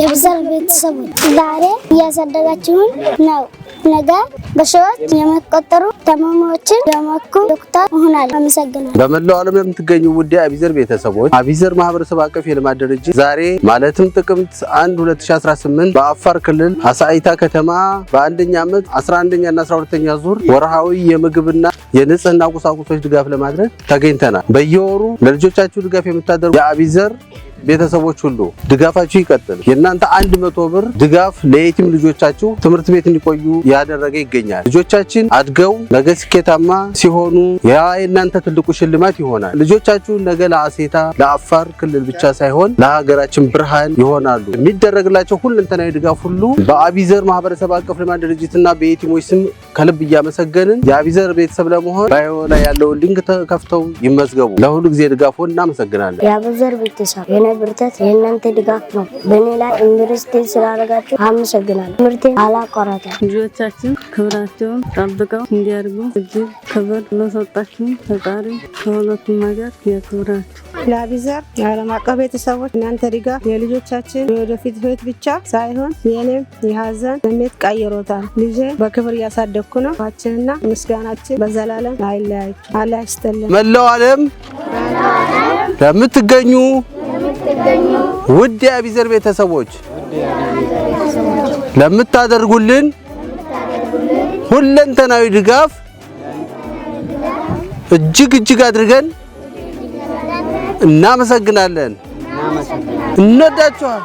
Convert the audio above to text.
የብዛር ቤተሰቦች ዛሬ እያሳደጋችሁን ነው። ነገ በሺዎች የሚቆጠሩ ታማሚዎችን የመኩ ዶክተር ሆናለሁ። አመሰግናለሁ። በመላው ዓለም የምትገኙ ውድ አቢዘር ቤተሰቦች አቢዘር ማህበረሰብ አቀፍ የልማት ድርጅት ዛሬ ማለትም ጥቅምት 1 2018 በአፋር ክልል አሳይታ ከተማ በአንደኛ ዓመት 11ኛ እና 12ኛ ዙር ወርሃዊ የምግብና የንጽህና ቁሳቁሶች ድጋፍ ለማድረግ ተገኝተናል። በየወሩ ለልጆቻችሁ ድጋፍ የምታደርጉ የአቢዘር ቤተሰቦች ሁሉ ድጋፋችሁ ይቀጥል። የእናንተ አንድ መቶ ብር ድጋፍ ለየቲም ልጆቻችሁ ትምህርት ቤት እንዲቆዩ ያደረገ ይገኛል። ልጆቻችን አድገው ነገ ስኬታማ ሲሆኑ ያ የእናንተ ትልቁ ሽልማት ይሆናል። ልጆቻችሁ ነገ ለአሴታ ለአፋር ክልል ብቻ ሳይሆን ለሀገራችን ብርሃን ይሆናሉ። የሚደረግላቸው ሁለንተናዊ ድጋፍ ሁሉ በአቢዘር ማህበረሰብ አቀፍ ልማት ድርጅትና በኤቲሞች ስም ከልብ እያመሰገንን የአቢዘር ቤተሰብ ለመሆን ባዮ ላይ ያለውን ሊንክ ተከፍተው ይመዝገቡ። ለሁሉ ጊዜ ድጋፎ እናመሰግናለን። የአቢዘር ቤተሰብ የነብርተት ብርታት የእናንተ ድጋፍ ነው። በእኔ ላይ ኢንቨስት ስላደረጋችሁ አመሰግናለሁ። ትምህርቴ አላቋረጠም። ልጆቻችን ክብራቸውን ጠብቀው እንዲያድጉ እጅግ ክብር ለሰጣችሁ ፈጣሪ ከሁለቱም ነገር ያክብራችሁ። ለአቢዘር የዓለም አቀፍ ቤተሰቦች እናንተ ድጋፍ የልጆቻችን የወደፊት ህይወት ብቻ ሳይሆን የኔም የሀዘን ስሜት ቀይሮታል። ልጄ በክብር እያሳደግኩ ነው። ችንና ምስጋናችን በዘላለም አይለያችሁ። አላህ ይስጥልን። መላው ዓለም ለምትገኙ ውድ የአቢዘር ቤተሰቦች ለምታደርጉልን ሁለንተናዊ ድጋፍ እጅግ እጅግ አድርገን እናመሰግናለን። እንወዳችኋል።